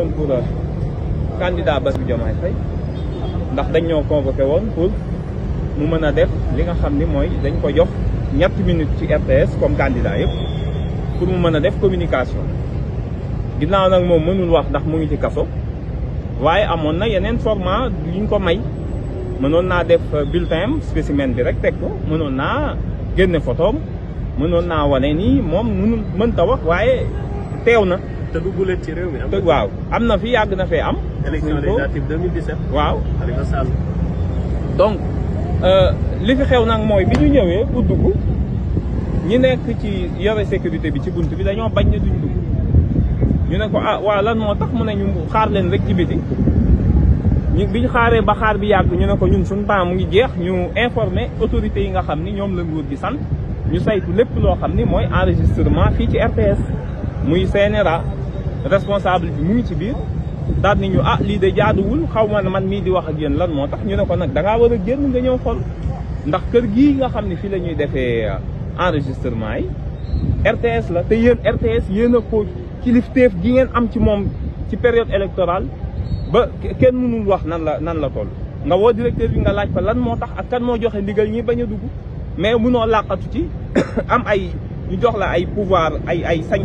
woon pour euh, candidat Bassirou Diomaye Faye ndax dañ ñoo convoqué woon pour mu mën a def li nga xam ni mooy dañ ko jox ñetti minutes ci RTS comme candidat yëpp pour mu mën a def communication ginnaaw nag moom mënul wax ndax mu ngi ci kaso waaye amoon na yeneen format yuñ ko may mënoon naa def euh, bulletin spécimen bi rek teg ko mënoon naa génne photoom mënoon naa wane nii moom mënul ta wax waaye teew na te dugguleen ci réew mi am na waaw am na fi yàgg na fee am. élection législative 2017. waaw Khalifa Sall. donc euh, li fi xew nag mooy bi ñu ñëwee bu dugg ñi nekk ci yore sécurité bi ci bunt bi dañoo bañ ne duñ dugg ñu ne ko a ah, waaw lan moo tax mu ne ñu xaar leen rek ci biti ñu bi ñu xaaree ba xaar bi yàgg ñu ne ko ñun suñu temps mu ngi jeex ñu informer autorité yi nga xam ni ñoom la nguur gi sant ñu saytu lépp loo xam ni mooy enregistrement fii ci RTS muy CNRA. responsable bi mu ngi ci biir daal ni ñu ah lii de jaaduwul xaw ma man mii di wax ak yéen lan moo tax ñu ne ko nag da war a génn nga ñëw xool ndax kër gii nga xam ne fii la ñuy defee euh, enregistrement yi RTS la te yéen RTS yéen a ko kilifteef gi ngeen am ci moom ci période électorale ba kenn mënul wax nan la nan la toll. nga woo directeur bi nga laaj ko lan moo tax ak kan moo joxe ndigal ñi bañ a dugg mais munoo làqatu ci am ay ñu jox la ay pouvoir ay ay sañ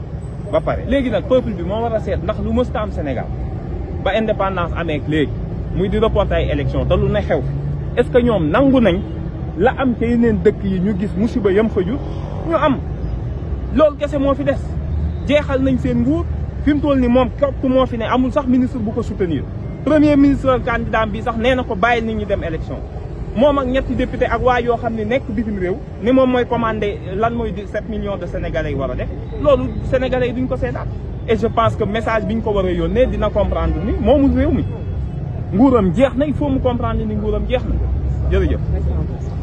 ba pare léegi nak peuple bi mo wara a ndax lu mësta am Sénégal ba indépendance amee léegi muy di reporter ay élection te lu ne xew est-ce que ñoom nangu nañ la am te yeneen dëkk yi ñu gis musiba yam xëju ñu am lool kese mo fi dess jeexal nañ seen nguur fim mu toll ni mom képp mo fi ne amul sax ministre bu ko soutenir premier ministre candidat bi sax nee ko bayil nit ñi dem élection moom ak ñetti député ak waa yoo xam ne nekk bitim réew ni moom mooy commandé lan mooy 7 millions de sénégalais yi war a def loolu sénégalais yi duñ ko seetaat et je pense que message biñ ko war a yónnee dina comprendre ni moomu réew mi nguuram jeex na il faut mu comprendre ni nguuram jeex na jërëjëf.